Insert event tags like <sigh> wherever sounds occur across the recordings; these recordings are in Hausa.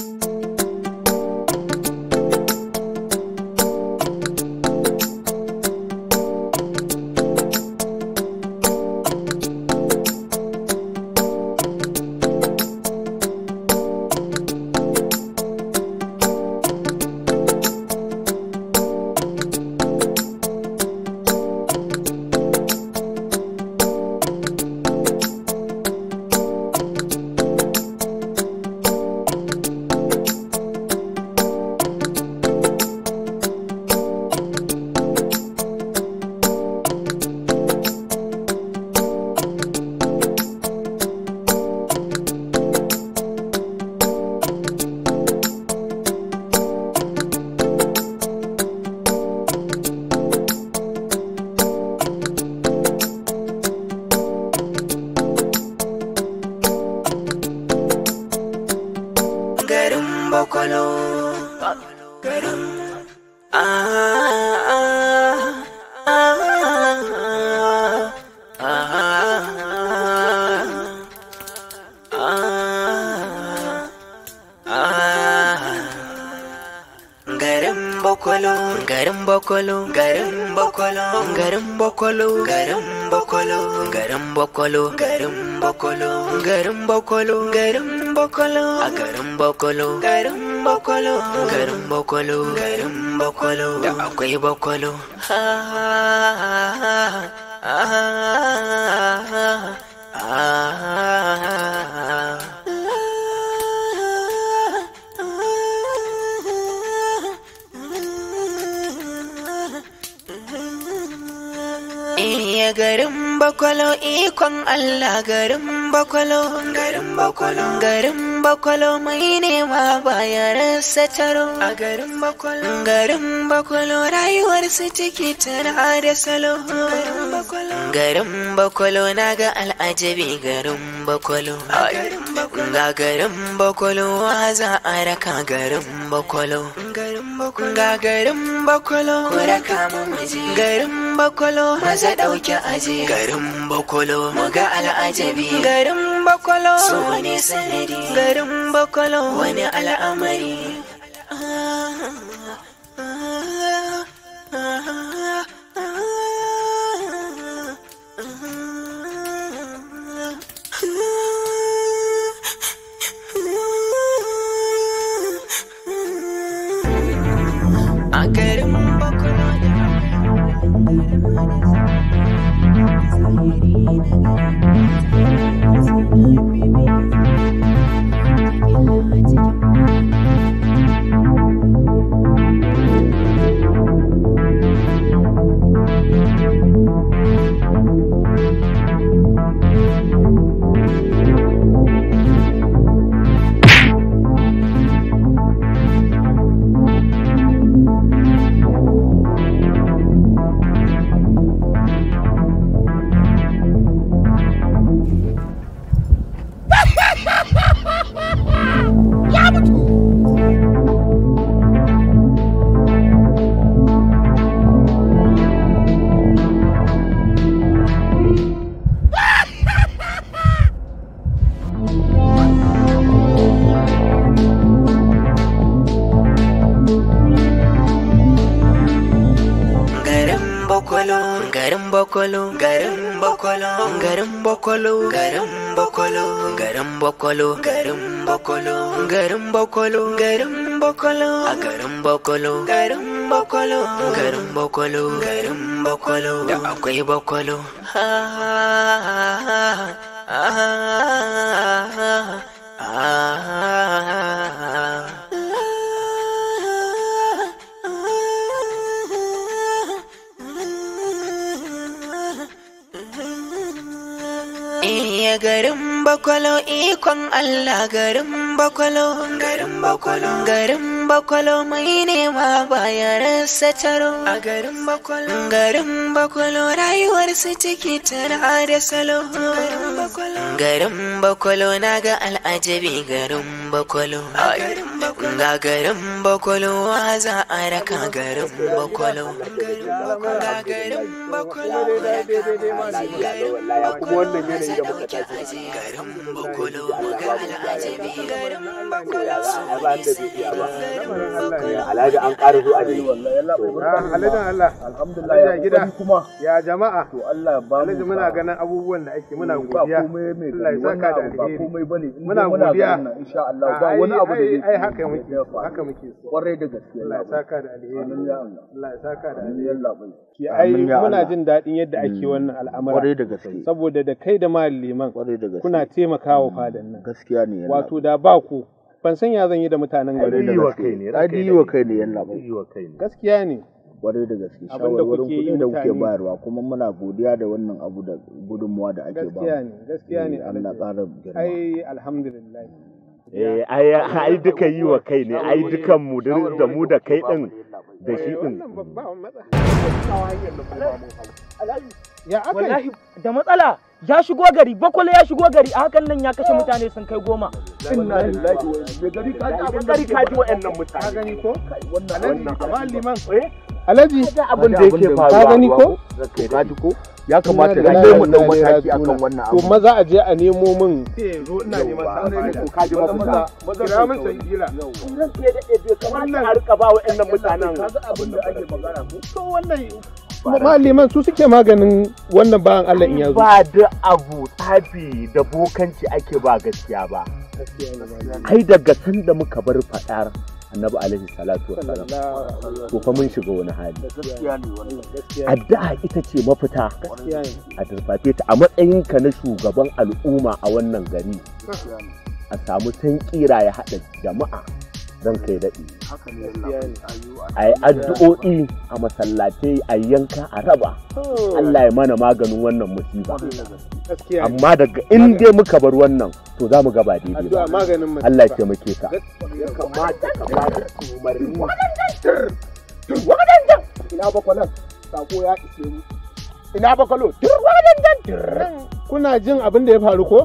Thank you. bakwalo garin bakwalo garin bakwalo garin bakwalo garin bakwalo garin bokolo. a garin bakwalo garin bakwalo garin bokolo garin bakwalo da akwai ha ha ha ha ha bakwalo ikon Allah garin bakwalo garin bakwalo garin bakwalo mai nema ya rasa taro a garin bakwalo garin bakwalo rayuwar su ciki tana da salo garin bakwalo na ga al'ajabi garin bakwalo ga garin bakwalo wa za a raka garin bakwalo ga garin bakwalo raka mu garin bakwalo maza ɗauki aje garin bakwalo muga al'ajabi garin bakwalo so wani sanadi garin bakwalo wani al'amari Thank you. bakwalo garin bakwalo garin bakwalo garin bakwalo garin bakwalo garin bakwalo garin bakwalo garin bakwalo a garin bakwalo garin bakwalo garin bakwalo garin bakwalo da akwai bakwalo ha ha ha ha ha ha garin bakwalo ikon Allah garin bakwalo garin bakwalo garin bakwalo mai nema ya rasa taro a garin bakwalo garin bakwalo rayuwar su ciki tana da salo garin bakwalo na ga al'ajabi garin bakwalo ga garin bakwalo wa za a raka garin bakwalo ga garin bakwalo wannan yanayi da muka tafi garin bakwalo ga al'ajabi garin da bibiya ba alhaji an ƙara zuwa ne ya kuma ya jama'a to Allah ba mu muna ganin abubuwan da ake muna godiya Allah ya saka da alheri muna godiya insha Allah ba wani abu da ai haka muke haka muke kwarai da gaske Allah ya saka da alheri Allah ya saka da alheri Allah ki ai muna jin daɗin yadda ake mm, wannan al'amura kwarai da gaske saboda da kai da mal liman kwarai da gaske kuna taimakawa mm, fadan nan gaskiya ne wato da ba ku ban san ya zan yi da mutanen gari da gaske ai yi wa kai ne yalla ba yi wa kai ne gaskiya ne kwarai da gaske shawarwarin kuɗi da kuke bayarwa kuma muna godiya da wannan abu da gudunmuwa da ake ba gaskiya ne gaskiya ne eh, Allah ƙara girma ai alhamdulillah eh ai duka yi wa kai ne ai dukan mu da mu da kai din da shi din ya aka da matsala ya shigo gari bakwale ya shigo gari a hakan nan ya kashe mutane sun kai goma inna lillahi wa inna ilaihi raji'un gari wa'annan mutane ka gani ko wannan liman eh alhaji abin da yake faruwa ka gani ko ka ji ko ya kamata da kai mu dau mataki akan wannan abu to maza a je a nemo min sai zo ina neman sanin ko ka ji maza kira min sai kila wannan sai da ke kamar a rika ba wa'annan mutanen kaza abin da ake magana ko to wannan maliman su suke maganin wannan bayan Allah in yanzu. ba da abu tafi da bokanci ake ba gaskiya ba ai daga sanda muka bar fadar annabi alaihi salatu wasalam ko fa mun shiga wani hali addu'a ita ce mafita a tarfafe ta a matsayin ka na shugaban al'umma a wannan gari a samu tankira ya haɗa jama'a ka yi daɗi. a yi addu'o'i a masallatai a yanka a raba oh. Allah ya mana maganin wannan musiba amma daga in dai muka bar wannan to za mu gaba daidai ba Allah ya taimake ka ina bakwalan sako ya ishe mu ina kuna jin abin da ya faru ko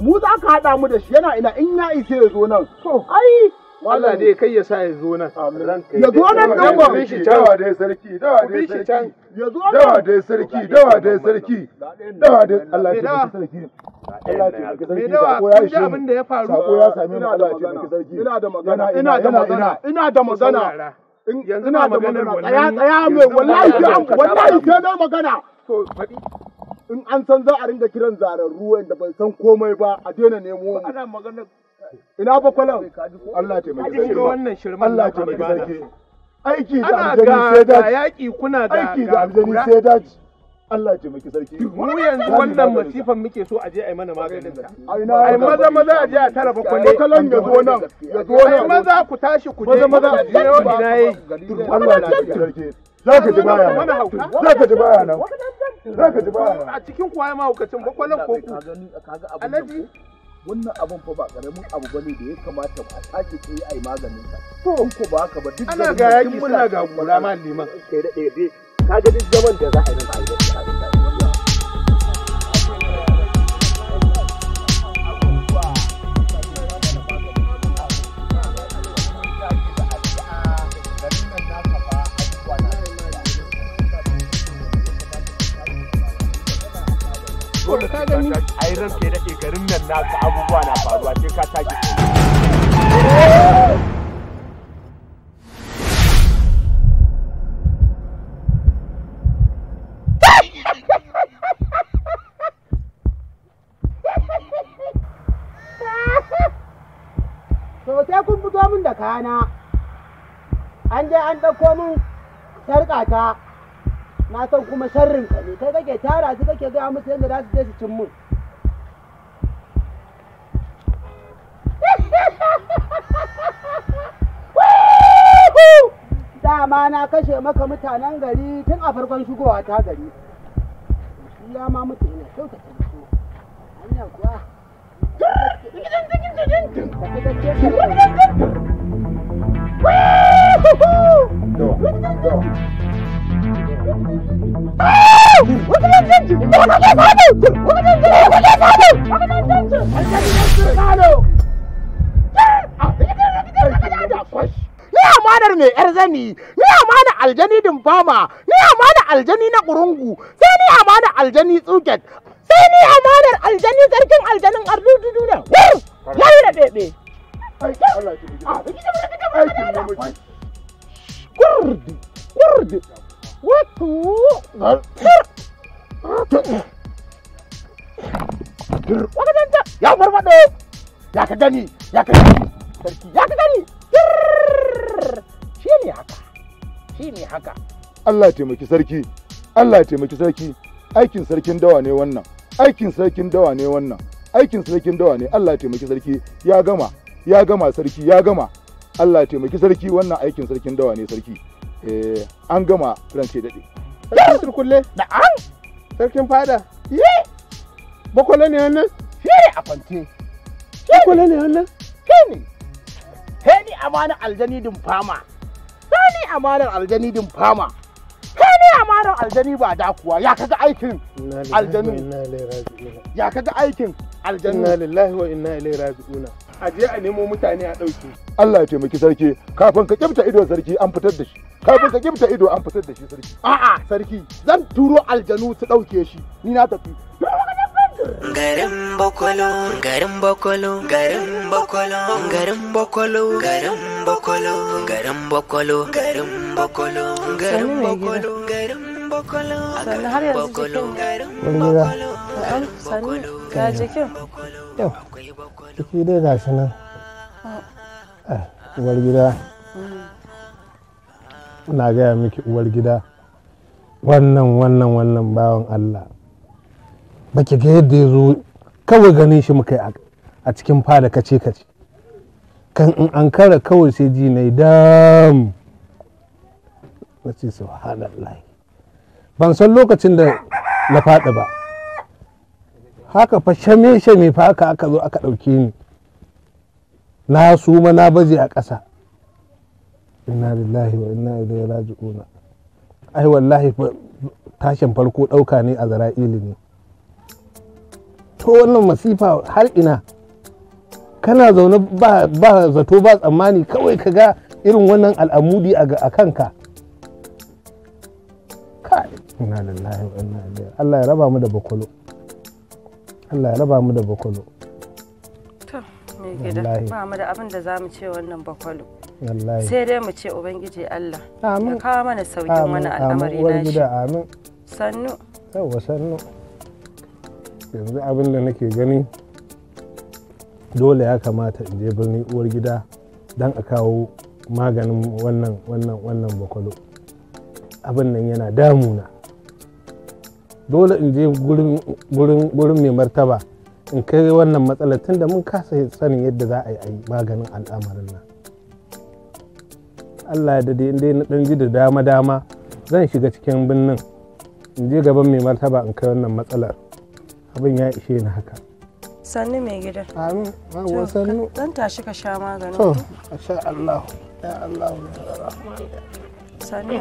mu za ka haɗa mu da shi yana ina in ya ishe ya zo nan ai Allah ne kai ya sa ya zo nan. Ya zo nan nan ba. shi Dawa dai sarki, dawa dai sarki. Ya zo nan. Dawa dai sarki, dawa dai sarki. Dawa dai Allah ya taimaki sarki. Allah ya taimaki sarki. Sako ya ishe. Abin da ya faru. Sako ya same mu Allah ya sarki. Ina da magana. Ina da magana. Ina da magana. Yanzu na maganar wallahi. Tsaya tsaya mai wallahi ke wallahi ke na magana. To faɗi. in an san za a ringa kiran zaren ruwan da ban san komai ba a daina nemo mu ana magana ina ba kwalan Allah ta mai sarki wannan shirman Allah ta mai sarki aiki da aljani sai da yaki kuna da aiki da aljani sai da Allah ya taimaki sarki. Mu yanzu wannan masifan muke so a je a yi mana maganin ta. Ai maza maza a je a tara ba kwale Kalan ya zo nan, ya zo nan. maza ku tashi ku je. Maza maza ina yi. Allah ya taimaki sarki. za ka ji baya nan za ka ji baya nan za ka ji baya nan a cikin kwaye ma hukacin bakwalan ko ku alaji wannan abin fa ba karamin abu bane da ya kamata ba a sake ce ai maganin sa to in ko ba haka ba duk ana ga yaki suna ga gura ma liman kai da ka ga duk zaman da za a yi nan a yi yi ranka ya daɗe garin nan naka abubuwa na faruwa sai ka tashi tsaye. kun fito min da kana an je an ɗauko min sarƙata na san kuma sharrin ka ne kai kake tara su kake gaya musu yadda za su je su cin min ma na kashe maka mutanen gari tun a farkon shigowa ta gari shi ya ma mutu ta hanyar kuwa fadar mai yar zani ni amana aljani din fama ni amana aljani na kurungu sai ni amana aljani tsuket sai ni amanar aljani sarkin aljanin ardududu ne wani da ɗaiɗe kurdi kurdi wato ya farfado ya ka gani ya ka Allah taimaki sarki Allah taimaki sarki aikin sarkin dawa ne wannan aikin sarkin dawa ne wannan aikin sarkin dawa ne Allah taimaki sarki ya gama ya gama sarki ya gama Allah taimaki sarki wannan aikin sarkin dawa ne sarki eh an gama rance dade sarkin turkulle da an sarkin fada ye bakwale ne wannan ye a kwance bakwale ne wannan shi ne he ni amanar aljanidin fama he ni amanar aljanidin fama ya maran aljani ba da kuwa ya kaga aikin aljanu ya kaga aikin aljanu inna lillahi wa inna ilaihi raji'un a je a nemo mutane a dauke Allah ya taimaki sarki kafin ka kibta ido sarki an fitar da shi kafin ka kibta ido an fitar da shi sarki a'a sarki zan turo aljanu su dauke shi ni na tafi garin bakwalo garin bakwalo garin bakwalo garin bakwalo garin bokolo garin bokolo garin bokolo garin bokolo garin bakwalo har yanzu jikin na'am sannu jiki dai ga shi nan ah. Ah, uwar gida hmm. na gaya miki uwar wannan wannan wannan bawan allah baki ga yadda ya zo kawai ganin shi muka yi a cikin fada kace kace kan in an kara kawai sai ji na dam na ce ban san lokacin da na faɗi ba haka fa shame shame fa haka aka zo aka ɗauke ni na suma na baje a ƙasa inna lillahi wa inna ilaihi raji'una ai wallahi tashin farko ɗauka ne a zara'ili ne to wannan masifa har ina kana zaune ba zato ba tsammani kawai ka ga irin wannan al'amudi a kanka Allah ya raba mu da bakwalo Allah ya raba mu da bakwalo to me gida ba mu da abin da za mu ce wannan bakwalo sai dai mu ce ubangiji Allah ya kawo mana saukin wani al'amari na shi amin sannu yawa sannu yanzu abin da nake gani dole ya kamata in je birni uwar gida don a kawo maganin wannan wannan wannan bakwalo abin nan yana damuna dole in je gurin mai martaba in kai wannan matsalar tunda mun kasa sanin yadda za a yi maganin al'amarin nan allah ya dade inda na ɗan ji da dama dama zan shiga cikin birnin in je gaban mai martaba in kai wannan matsalar abin ya ishe ni haka sannu mai gida amin wa sannu dan tashi ka da. magani to masha Allah ya Allah ya rahman sannu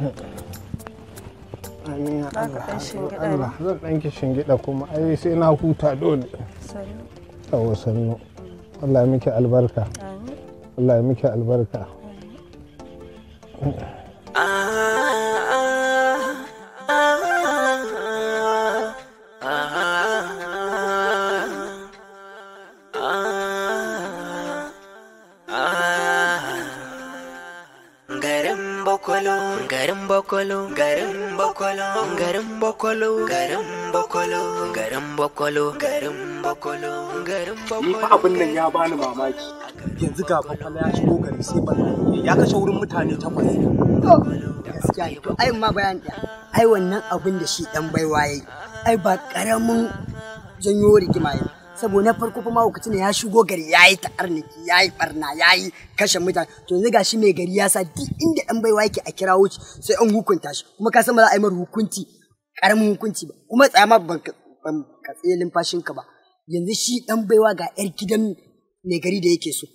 Thank you. baka ɗan shingida Allah zan ɗan ki shingida kuma ai sai na huta dole sannu yawo sannu Allah ya miki albarka Allah ya miki albarka garin bakwalo garin bakwalo bokolo garin bakwalo garin bokolo garin bakwalo garin bokolo garin bokolo ni fa abin nan ya bani mamaki yanzu ga bokolo ya shigo gari sai bana. ya kashe wurin mutane takwas gaskiya to ai ma bayan da ai wannan abin da shi dan baiwa yayi ai ba karamin janyo rigima yayi saboda na farko kuma mahaukaci ne ya shigo gari ya yi ta'arniki ya yi barna ya yi kashe mutane to yanzu gashi mai gari ya sa duk inda dan baiwa yake a kirawo wuce sai an hukunta shi kuma ka san ba za a yi mar hukunci karamin hukunci ba kuma tsaya ma ban ka tsaye ka ba yanzu shi dan baiwa ga yar gidan mai gari da yake so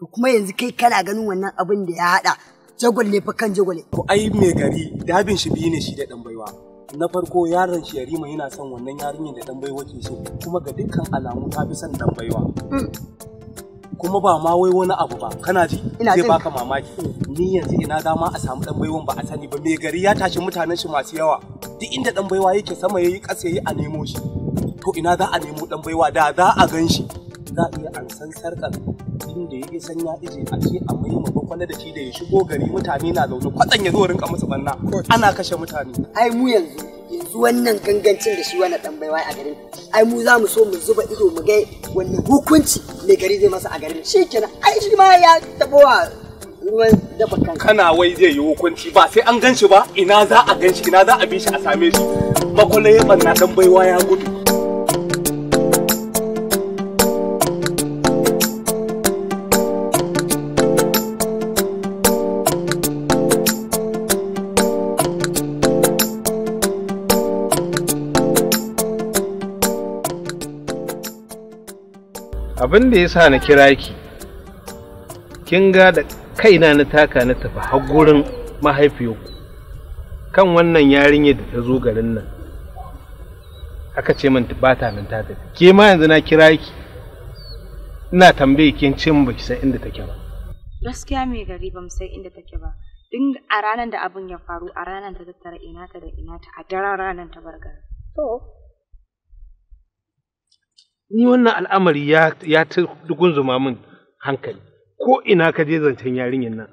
to kuma yanzu kai kana ganin wannan abin da ya hada jagwal ne fa kan jagwal ko ai mai gari dabin shi biyu ne shi da dan baiwa na farko yaron shi yarima yana son wannan yarinyar da dan baiwa ke so kuma ga dukkan alamu ta fi son dan baiwa mm. kuma ba ma wai wani abu ba kana ji zai baka mamaki ni yanzu ina dama a samu dan baiwan ba a sani ba mai gari ya tashi mutanen shi masu yawa duk inda dan baiwa yake sama yayi kasa yayi a nemo shi to ina za a nemo dan baiwa da za a gan shi za a iya ansan sarkar inda ya san ya ije a ce a mai mabakwale da shi da ya shigo gari mutane na zaune kwatsan ya zo rinka musu banna ana kashe mutane ai mu yanzu yanzu wannan gangancin da shi wani dan baiwa a garin ai mu za mu so mu zuba ido mu ga wani hukunci mai gari zai masa a garin shikenan ai shi ma ya tabowa ruwan dafa kanka kana wai zai yi hukunci ba sai an ganshi ba ina za a ganshi ina za a bi shi a same shi bakwale ya banna dan baiwa ya gudu abin da ya sa na kira ki kin ga da kaina na taka na tafi har gurin mahaifiyarku kan wannan yarinya da ta zo garin nan aka ce min ba ta nan ta tafi ke ma yanzu na kira ki ina tambaye kin ce min baki san inda take ba gaskiya mai gari ba san inda take ba din a ranar da abin ya faru a ranar ta tattara ina ta da ina ta a daren ranar ta bar garin to ni wannan al'amari ya ya ta dugunzuma min hankali ko ina ka je zancen yarinyar nan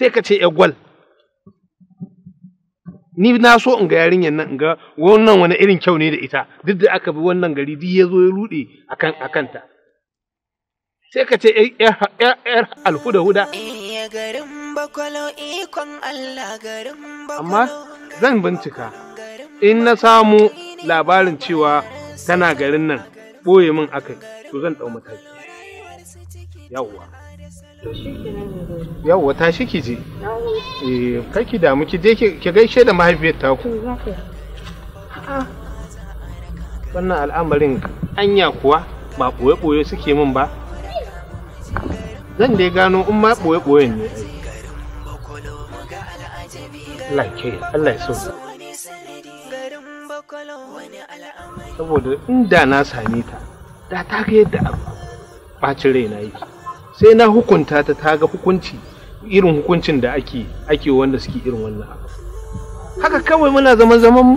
sai ka ce gwal. ni na so in ga yarinyar nan in ga wannan wani irin kyau ne da ita duk da aka bi wannan gari duk ya zo ya rude akan akanta sai ka ce yar alhuda huda amma zan bincika in na samu labarin cewa tana garin nan ɓoye min akai to zan ɗau mataki yawwa yawwa ta shi ki je eh kai ki damu ki je ki gaishe da mahaifiyar ta ku wannan al'amarin anya kuwa ba ɓoye-ɓoye suke min ba zan dai gano in ma ɓoye-ɓoyen ne Allah Allah ya so saboda inda na same ta da ta ga yadda abu ɓacin raina yake sai na hukunta ta ta ga hukunci irin hukuncin da ake ake wanda suke irin wannan abu haka kawai muna zaman zaman mu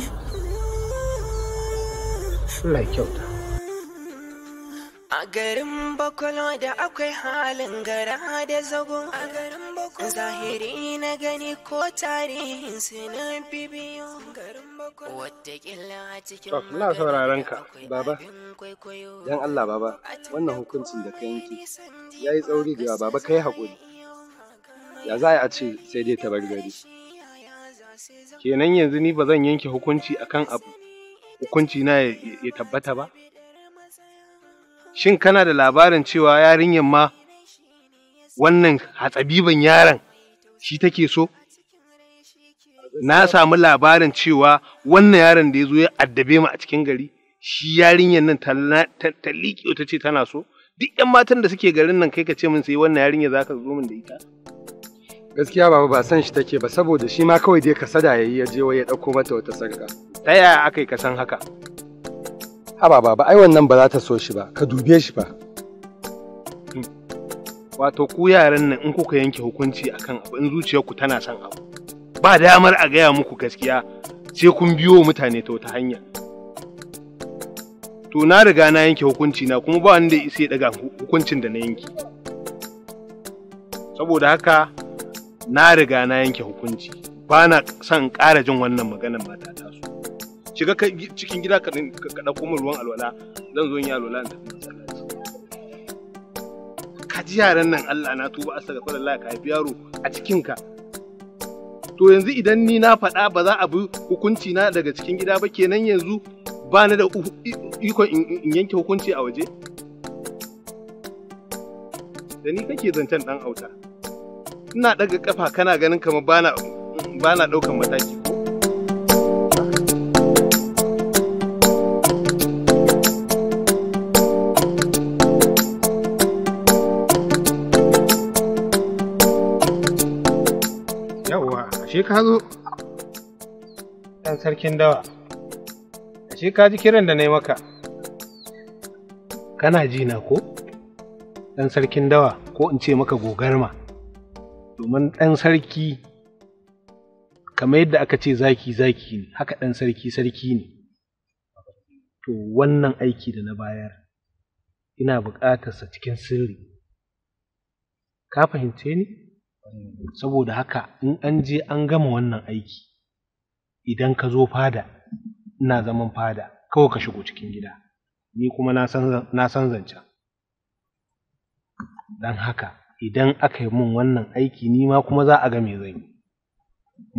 Allah kyauta a garin bakwalo da akwai halin gara da zago a garin bakwalo zahiri na gani ko tarihin sinan bibiyo garin Wataƙila a cikin sauraron ka, baba. Dan Allah, baba, wannan hukuncin da ka yanke ya yi tsauri da baba, ka yi haƙuri. Ya za a ce sai dai ta bar gari. Kenan yanzu ni ba zan yanke hukunci akan abu, hukunci na ya tabbata ba? Shin kana da labarin cewa yarinyar ma wannan hatsabiban yaron shi take so? na samu labarin cewa wannan yaron da ya zo ya addabe mu a cikin gari shi yarinyar nan ta liƙe ta ce tana so duk 'yan matan da suke garin nan kai ka ce min sai wannan yarinya za ka zo min da ita gaskiya baba ba san shi take ba saboda shi ma kawai dai kasada ya yi ya je wai ya ɗauko mata wata sarka ta yaya aka yi kasan haka haba baba ai wannan ba za ta so shi ba ka dube shi ba hmm. wato ku yaran nan in kuka yanke hukunci akan abu in zuciyarku tana son abu ba damar a gaya muku gaskiya sai kun biyo mutane ta wata hanya to na riga na yanke hukunci na kuma ba wanda sai daga hukuncin da na yanke saboda haka na riga na yanke hukunci ba na son ƙara jin wannan maganar mata ta su shiga cikin gida ka ɗauko min ruwan alwala zan zo in yi alwala in tafi ka ji yaran nan Allah na tuba astaghfirullah ka haifi yaro a cikin ka to yanzu idan ni na faɗa ba za a bi hukunci na daga cikin gida ba kenan yanzu ba ni da ikon in yanke hukunci a waje da ni kake zancen ɗan auta ina ɗaga kafa kana ganin kamar bana ɗaukan mataki ashe ka zo ɗan sarkin dawa ashe ka ji kiran da na yi maka kana ji na ko ɗan sarkin dawa ko in ce maka gogarma domin ɗan sarki kamar yadda aka ce zaki zaki ne haka ɗan sarki sarki ne to wannan aiki da na bayar ina buƙatarsa cikin sirri ka fahimce ni saboda haka in an je an gama wannan aiki idan ka zo fada ina zaman fada kawai ka shigo cikin gida ni kuma na san zancen don haka idan aka yi min wannan aiki ni ma kuma za a ga me ma za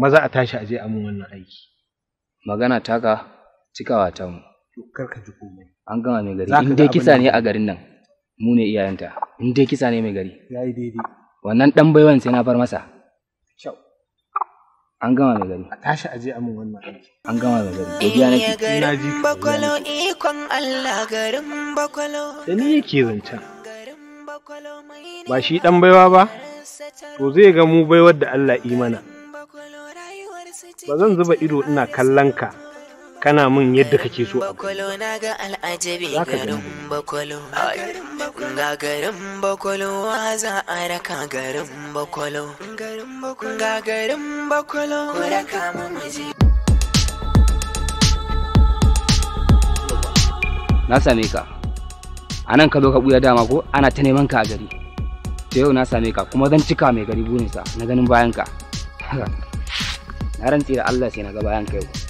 maza a tashi a je a min wannan aiki magana taka cikawa ta mu ka an gama mai gari in dai kisa ne a garin nan mu ne iyayenta in dai kisa ne mai gari yi daidai wannan dan baiwan sai na far masa kyau an gama mai gari a tashi aje a mun wannan aiki an gama mai gari godiya nake ina ji bakwalo ikon Allah garin bakwalo da ni yake zancan ba shi dan baiwa ba to zai ga mu baiwar da Allah imana ba zan zuba ido ina kallon ka kana min yadda kake so na ga garin za a raka garin na same ka a nan ka zo ka buya dama ko ana ta neman ka a gari ta yau na same ka kuma zan cika mai gari bunisa na ganin bayan ka <laughs> na rantsi da Allah sai na ga bayan ka yau